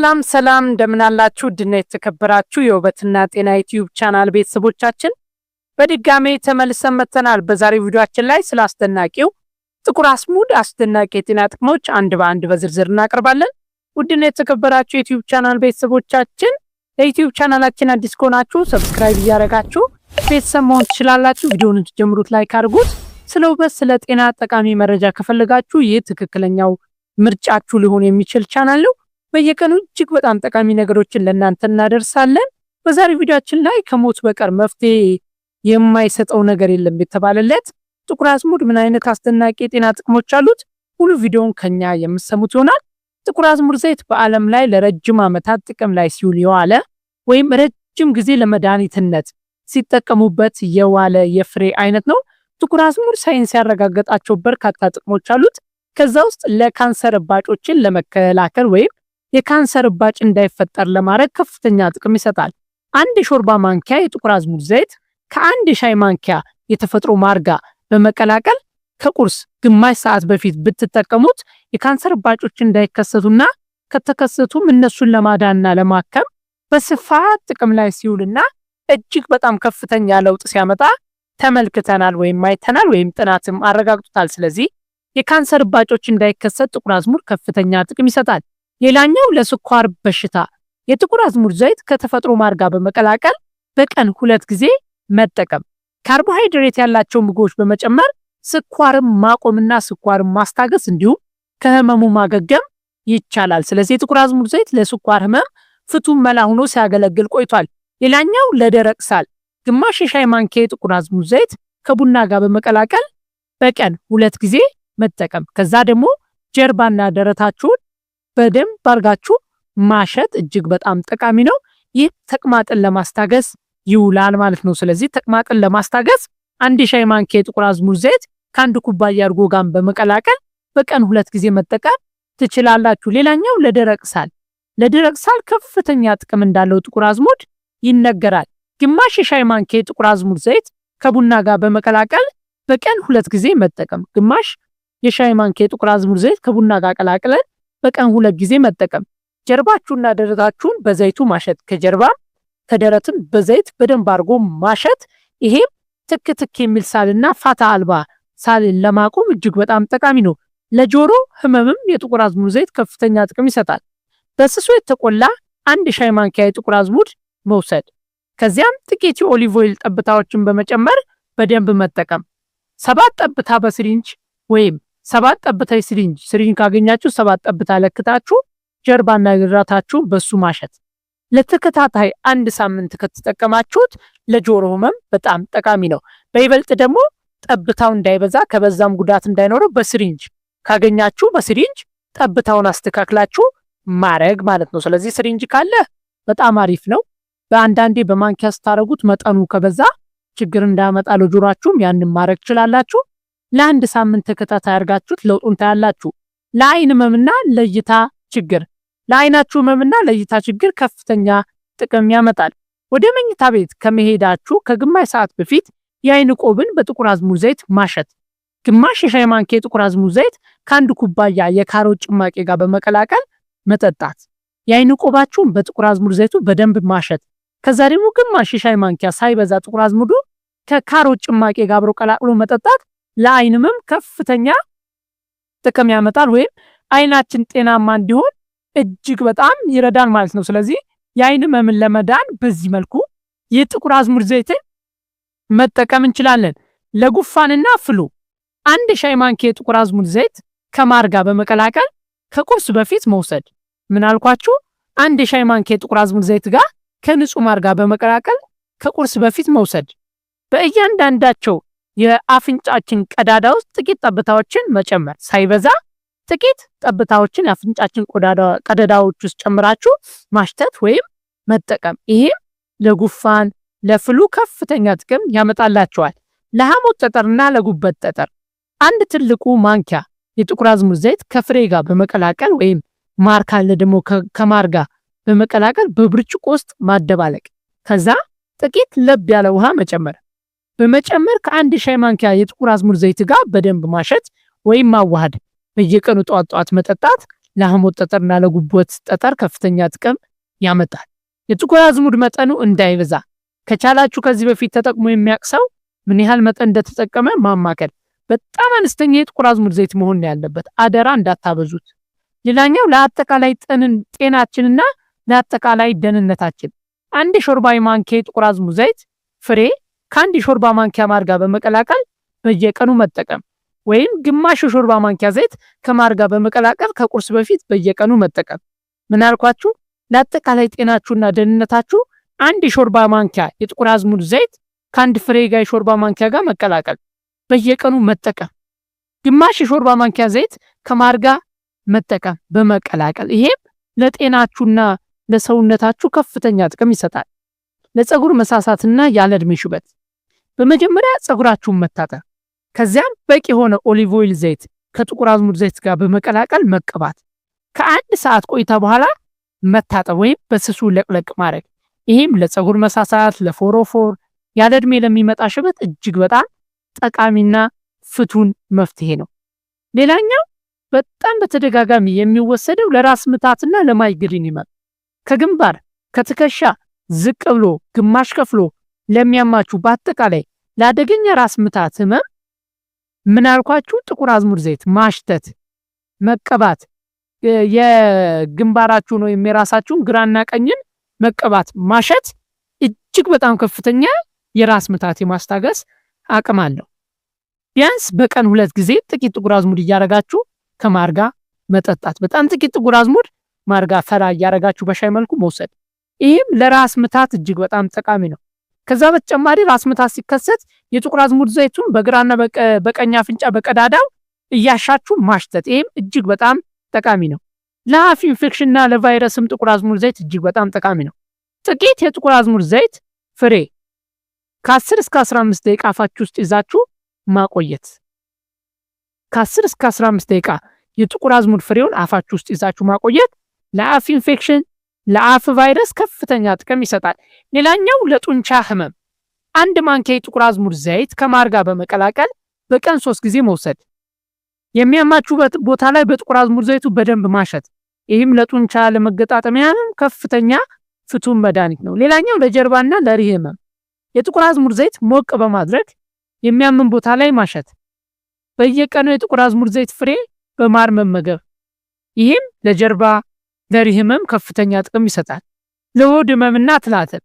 ሰላም ሰላም እንደምናላችሁ ውድና የተከበራችሁ የውበትና ጤና ዩቲዩብ ቻናል ቤተሰቦቻችን በድጋሜ ተመልሰን መጥተናል። በዛሬ ቪዲዮችን ላይ ስለ አስደናቂው ጥቁር አስሙድ አስደናቂ የጤና ጥቅሞች አንድ በአንድ በዝርዝር እናቀርባለን። ውድና የተከበራችሁ የዩቲዩብ ቻናል ቤተሰቦቻችን ለዩቲዩብ ቻናላችን አዲስ ከሆናችሁ ሰብስክራይብ እያደረጋችሁ ቤተሰብ መሆን ትችላላችሁ። ቪዲዮውን ጀምሩት፣ ላይክ አድርጉት። ስለ ውበት፣ ስለ ጤና ጠቃሚ መረጃ ከፈለጋችሁ ይህ ትክክለኛው ምርጫችሁ ሊሆን የሚችል ቻናል ነው። በየቀኑ እጅግ በጣም ጠቃሚ ነገሮችን ለእናንተ እናደርሳለን። በዛሬው ቪዲዮችን ላይ ከሞት በቀር መፍትሄ የማይሰጠው ነገር የለም የተባለለት ጥቁር አዝሙድ ምን አይነት አስደናቂ የጤና ጥቅሞች አሉት? ሙሉ ቪዲዮን ከኛ የምሰሙት ይሆናል። ጥቁር አዝሙድ ዘይት በዓለም ላይ ለረጅም ዓመታት ጥቅም ላይ ሲውል የዋለ ወይም ረጅም ጊዜ ለመድኃኒትነት ሲጠቀሙበት የዋለ የፍሬ አይነት ነው። ጥቁር አዝሙድ ሳይንስ ያረጋገጣቸው በርካታ ጥቅሞች አሉት። ከዛ ውስጥ ለካንሰር እባጮችን ለመከላከል ወይም የካንሰር እባጭ እንዳይፈጠር ለማድረግ ከፍተኛ ጥቅም ይሰጣል። አንድ የሾርባ ማንኪያ የጥቁር አዝሙድ ዘይት ከአንድ የሻይ ማንኪያ የተፈጥሮ ማርጋ በመቀላቀል ከቁርስ ግማሽ ሰዓት በፊት ብትጠቀሙት የካንሰር እባጮች እንዳይከሰቱና ከተከሰቱም እነሱን ለማዳንና ለማከም በስፋት ጥቅም ላይ ሲውልና እጅግ በጣም ከፍተኛ ለውጥ ሲያመጣ ተመልክተናል ወይም አይተናል ወይም ጥናትም አረጋግጦታል። ስለዚህ የካንሰር እባጮች እንዳይከሰት ጥቁር አዝሙድ ከፍተኛ ጥቅም ይሰጣል። ሌላኛው ለስኳር በሽታ የጥቁር አዝሙድ ዘይት ከተፈጥሮ ማር ጋር በመቀላቀል በቀን ሁለት ጊዜ መጠቀም፣ ካርቦሃይድሬት ያላቸው ምግቦች በመጨመር ስኳርን ማቆምና ስኳርን ማስታገስ እንዲሁም ከህመሙ ማገገም ይቻላል። ስለዚህ የጥቁር አዝሙድ ዘይት ለስኳር ህመም ፍቱን መላ ሆኖ ሲያገለግል ቆይቷል። ሌላኛው ለደረቅ ሳል ግማሽ የሻይ ማንኪያ የጥቁር አዝሙድ ዘይት ከቡና ጋር በመቀላቀል በቀን ሁለት ጊዜ መጠቀም ከዛ ደግሞ ጀርባና ደረታችሁን በደንብ አድርጋችሁ ማሸት እጅግ በጣም ጠቃሚ ነው። ይህ ተቅማጥን ለማስታገስ ይውላል ማለት ነው። ስለዚህ ተቅማጥን ለማስታገስ አንድ የሻይ ማንኪያ የጥቁር አዝሙድ ዘይት ከአንድ ኩባያ እርጎ ጋር በመቀላቀል በቀን ሁለት ጊዜ መጠቀም ትችላላችሁ። ሌላኛው ለደረቅ ሳል፣ ለደረቅ ሳል ከፍተኛ ጥቅም እንዳለው ጥቁር አዝሙድ ይነገራል። ግማሽ የሻይ ማንኪያ የጥቁር አዝሙድ ዘይት ከቡና ጋር በመቀላቀል በቀን ሁለት ጊዜ መጠቀም፣ ግማሽ የሻይ ማንኪያ የጥቁር አዝሙድ ዘይት ከቡና ጋር ቀላቅለን በቀን ሁለት ጊዜ መጠቀም። ጀርባችሁና ደረታችሁን በዘይቱ ማሸት፣ ከጀርባም ከደረትም በዘይት በደንብ አድርጎ ማሸት። ይሄም ትክ ትክ የሚል ሳልና ፋታ አልባ ሳልን ለማቆም እጅግ በጣም ጠቃሚ ነው። ለጆሮ ህመምም የጥቁር አዝሙድ ዘይት ከፍተኛ ጥቅም ይሰጣል። በስሱ የተቆላ አንድ ሻይ ማንኪያ የጥቁር አዝሙድ መውሰድ፣ ከዚያም ጥቂት የኦሊቭ ኦይል ጠብታዎችን በመጨመር በደንብ መጠቀም። ሰባት ጠብታ በስሪንች ወይም ሰባት ጠብታ ስሪንጅ ስሪንጅ ካገኛችሁ ሰባት ጠብታ ለክታችሁ ጀርባና ግራታችሁ በሱ ማሸት ለተከታታይ አንድ ሳምንት ከተጠቀማችሁት ለጆሮ ህመም በጣም ጠቃሚ ነው። በይበልጥ ደግሞ ጠብታው እንዳይበዛ ከበዛም ጉዳት እንዳይኖረው በስሪንጅ ካገኛችሁ በስሪንጅ ጠብታውን አስተካክላችሁ ማረግ ማለት ነው። ስለዚህ ስሪንጅ ካለ በጣም አሪፍ ነው። በአንዳንዴ በማንኪያ ስታረጉት መጠኑ ከበዛ ችግር እንዳያመጣ ለጆሯችሁም ያንን ማድረግ ትችላላችሁ። ለአንድ ሳምንት ተከታታይ አድርጋችሁት ለውጡን ታያላችሁ። ለአይን ህመምና ለእይታ ችግር ለአይናችሁ ህመምና ለእይታ ችግር ከፍተኛ ጥቅም ያመጣል። ወደ መኝታ ቤት ከመሄዳችሁ ከግማሽ ሰዓት በፊት የአይን ቆብን በጥቁር አዝሙድ ዘይት ማሸት። ግማሽ የሻይ ማንኪያ የጥቁር አዝሙድ ዘይት ከአንድ ኩባያ የካሮት ጭማቂ ጋር በመቀላቀል መጠጣት። የአይን ቆባችሁን በጥቁር አዝሙድ ዘይቱ በደንብ ማሸት። ከዛ ደግሞ ግማሽ የሻይ ማንኪያ ሳይበዛ ጥቁር አዝሙዱ ከካሮት ጭማቂ ጋር አብሮ ቀላቅሎ መጠጣት ለአይንምም ከፍተኛ ጥቅም ያመጣል ወይም አይናችን ጤናማ እንዲሆን እጅግ በጣም ይረዳል ማለት ነው። ስለዚህ የአይን ህመምን ለመዳን በዚህ መልኩ የጥቁር አዝሙድ ዘይትን መጠቀም እንችላለን። ለጉፋንና ፍሉ አንድ ሻይ ማንኪያ የጥቁር አዝሙድ ዘይት ከማር ጋር በመቀላቀል ከቁርስ በፊት መውሰድ። ምን አልኳችሁ አንድ የሻይ ማንኪያ የጥቁር አዝሙድ ዘይት ጋር ከንጹህ ማር ጋር በመቀላቀል ከቁርስ በፊት መውሰድ። በእያንዳንዳቸው የአፍንጫችን ቀዳዳ ውስጥ ጥቂት ጠብታዎችን መጨመር ሳይበዛ ጥቂት ጠብታዎችን የአፍንጫችን ቀዳዳዎች ውስጥ ጨምራችሁ ማሽተት ወይም መጠቀም። ይህም ለጉፋን፣ ለፍሉ ከፍተኛ ጥቅም ያመጣላቸዋል። ለሐሞት ጠጠርና ለጉበት ጠጠር አንድ ትልቁ ማንኪያ የጥቁር አዝሙድ ዘይት ከፍሬ ጋር በመቀላቀል ወይም ማር ካለ ደግሞ ከማር ጋር በመቀላቀል በብርጭቆ ውስጥ ማደባለቅ ከዛ ጥቂት ለብ ያለ ውሃ መጨመር በመጨመር ከአንድ ሻይ ማንኪያ የጥቁር አዝሙድ ዘይት ጋር በደንብ ማሸት ወይም ማዋሃድ። በየቀኑ ጠዋት ጠዋት መጠጣት ለሐሞት ጠጠርና ለጉበት ጠጠር ከፍተኛ ጥቅም ያመጣል። የጥቁር አዝሙድ መጠኑ እንዳይበዛ ከቻላችሁ ከዚህ በፊት ተጠቅሞ የሚያቅሰው ምን ያህል መጠን እንደተጠቀመ ማማከል። በጣም አነስተኛ የጥቁር አዝሙድ ዘይት መሆን ያለበት፣ አደራ እንዳታበዙት። ሌላኛው ለአጠቃላይ ጤናችንና ለአጠቃላይ ደህንነታችን አንድ ሾርባ ማንኪያ የጥቁር አዝሙድ ዘይት ፍሬ ከአንድ የሾርባ ማንኪያ ማር ጋር በመቀላቀል በየቀኑ መጠቀም ወይም ግማሽ የሾርባ ማንኪያ ዘይት ከማር ጋር በመቀላቀል ከቁርስ በፊት በየቀኑ መጠቀም። ምናልኳችሁ ለአጠቃላይ ጤናችሁና ደህንነታችሁ አንድ የሾርባ ማንኪያ የጥቁር አዝሙድ ዘይት ከአንድ ፍሬ ጋር የሾርባ ማንኪያ ጋር መቀላቀል በየቀኑ መጠቀም። ግማሽ የሾርባ ማንኪያ ዘይት ከማር ጋር መጠቀም በመቀላቀል ይሄም ለጤናችሁና ለሰውነታችሁ ከፍተኛ ጥቅም ይሰጣል። ለፀጉር መሳሳትና ያለ እድሜ ሽበት በመጀመሪያ ጸጉራችሁን መታጠብ፣ ከዚያም በቂ የሆነ ኦሊቭ ኦይል ዘይት ከጥቁር አዝሙድ ዘይት ጋር በመቀላቀል መቀባት፣ ከአንድ ሰዓት ቆይታ በኋላ መታጠብ ወይም በስሱ ለቅለቅ ማድረግ። ይህም ለፀጉር መሳሳት፣ ለፎሮፎር፣ ያለ ለሚመጣ ሽበት እጅግ በጣም ጠቃሚና ፍቱን መፍትሄ ነው። ሌላኛው በጣም በተደጋጋሚ የሚወሰደው ለራስ ምታትና ለማይግሪን ይመጣል። ከግንባር ከትከሻ ዝቅ ብሎ ግማሽ ከፍሎ ለሚያማችሁ በአጠቃላይ ለአደገኛ ራስ ምታት ህመም ምን አልኳችሁ? ጥቁር አዝሙድ ዘይት ማሽተት፣ መቀባት የግንባራችሁን ወይም የራሳችሁን ግራና ቀኝን መቀባት ማሸት እጅግ በጣም ከፍተኛ የራስ ምታት የማስታገስ አቅም አለው። ቢያንስ በቀን ሁለት ጊዜ ጥቂት ጥቁር አዝሙድ እያረጋችሁ ከማርጋ መጠጣት። በጣም ጥቂት ጥቁር አዝሙድ ማርጋ ፈላ እያረጋችሁ በሻይ መልኩ መውሰድ። ይህም ለራስ ምታት እጅግ በጣም ጠቃሚ ነው። ከዛ በተጨማሪ ራስ ምታት ሲከሰት የጥቁር አዝሙድ ዘይቱን በግራና በቀኝ አፍንጫ በቀዳዳው እያሻችሁ ማሽተት፣ ይህም እጅግ በጣም ጠቃሚ ነው። ለአፍ ኢንፌክሽንና ለቫይረስም ጥቁር አዝሙድ ዘይት እጅግ በጣም ጠቃሚ ነው። ጥቂት የጥቁር አዝሙድ ዘይት ፍሬ ከ10 እስከ 15 ደቂቃ አፋችሁ ውስጥ ይዛችሁ ማቆየት። ከ10 እስከ 15 ደቂቃ የጥቁር አዝሙድ ፍሬውን አፋችሁ ውስጥ ይዛችሁ ማቆየት ለአፍ ኢንፌክሽን ለአፍ ቫይረስ ከፍተኛ ጥቅም ይሰጣል። ሌላኛው ለጡንቻ ህመም፣ አንድ ማንኪያ የጥቁር አዝሙድ ዘይት ከማር ጋር በመቀላቀል በቀን ሶስት ጊዜ መውሰድ፣ የሚያማችሁ ቦታ ላይ በጥቁር አዝሙድ ዘይቱ በደንብ ማሸት፣ ይህም ለጡንቻ ለመገጣጠሚያ ከፍተኛ ፍቱን መድኃኒት ነው። ሌላኛው ለጀርባና ለሪህ ህመም፣ የጥቁር አዝሙድ ዘይት ሞቅ በማድረግ የሚያምን ቦታ ላይ ማሸት፣ በየቀኑ የጥቁር አዝሙድ ዘይት ፍሬ በማር መመገብ፣ ይህም ለጀርባ ለሪ ህመም ከፍተኛ ጥቅም ይሰጣል። ለሆድ ህመምና ትላትል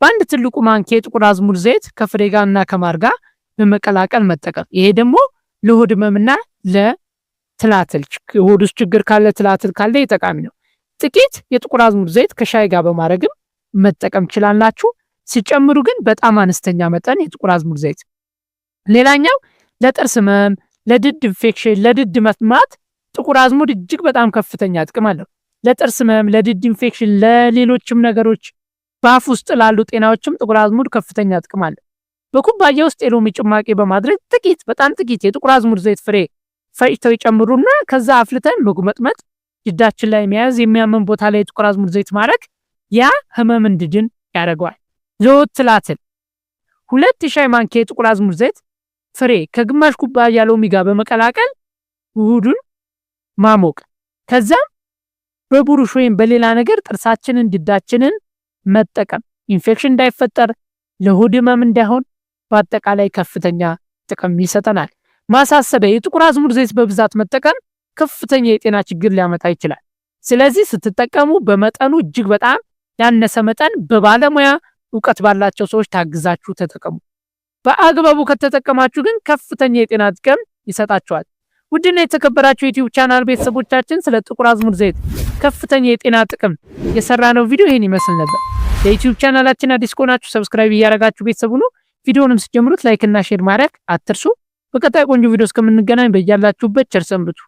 በአንድ ትልቁ ማንኪያ የጥቁር አዝሙድ ዘይት ከፍሬ ጋር እና ከማር ጋር በመቀላቀል መጠቀም። ይሄ ደግሞ ለሆድ ህመምና ለትላትል ሆድ ውስጥ ችግር ካለ ትላትል ካለ ጠቃሚ ነው። ጥቂት የጥቁር አዝሙድ ዘይት ከሻይ ጋር በማድረግም መጠቀም ችላላችሁ ሲጨምሩ ግን በጣም አነስተኛ መጠን የጥቁር አዝሙድ ዘይት። ሌላኛው ለጥርስ ህመም፣ ለድድ ኢንፌክሽን፣ ለድድ መትማት ጥቁር አዝሙድ እጅግ በጣም ከፍተኛ ጥቅም አለው። ለጥርስ ህመም፣ ለድድ ኢንፌክሽን፣ ለሌሎችም ነገሮች በአፍ ውስጥ ላሉ ጤናዎችም ጥቁር አዝሙድ ከፍተኛ ጥቅም አለ። በኩባያ ውስጥ የሎሚ ጭማቂ በማድረግ ጥቂት በጣም ጥቂት የጥቁር አዝሙድ ዘይት ፍሬ ፈጭተው ይጨምሩና ከዛ አፍልተን መጉመጥመጥ፣ ጅዳችን ላይ መያዝ፣ የሚያመን ቦታ ላይ የጥቁር አዝሙድ ዘይት ማድረግ ያ ህመም እንድድን ያደርገዋል። ዘወትላትል ሁለት የሻይ ማንኪያ የጥቁር አዝሙድ ዘይት ፍሬ ከግማሽ ኩባያ ሎሚ ጋር በመቀላቀል ውዱን ማሞቅ ከዛም በቡሩሽ ወይም በሌላ ነገር ጥርሳችንን፣ ድዳችንን መጠቀም ኢንፌክሽን እንዳይፈጠር ለሆድ ህመም እንዳይሆን በአጠቃላይ ከፍተኛ ጥቅም ይሰጠናል። ማሳሰቢያ፣ የጥቁር አዝሙድ ዘይት በብዛት መጠቀም ከፍተኛ የጤና ችግር ሊያመጣ ይችላል። ስለዚህ ስትጠቀሙ በመጠኑ እጅግ በጣም ያነሰ መጠን በባለሙያ እውቀት ባላቸው ሰዎች ታግዛችሁ ተጠቀሙ። በአግባቡ ከተጠቀማችሁ ግን ከፍተኛ የጤና ጥቅም ይሰጣችኋል። ውድና የተከበራችሁ የዩቲዩብ ቻናል ቤተሰቦቻችን ስለ ጥቁር አዝሙድ ዘይት ከፍተኛ የጤና ጥቅም ነው ቪዲዮ ይህን ይመስል ነበር። የዩቲዩብ ቻናላችን አዲስ ከሆናችሁ ሰብስክራይብ እያደረጋችሁ ቤተሰቡ ነው። ቪዲዮንም ስጀምሩት ላይክና ሼር ማድረግ አትርሱ። በቀጣይ ቆንጆ ቪዲዮ እስከምንገናኝ በያላችሁበት ቸር ሰንብቱ።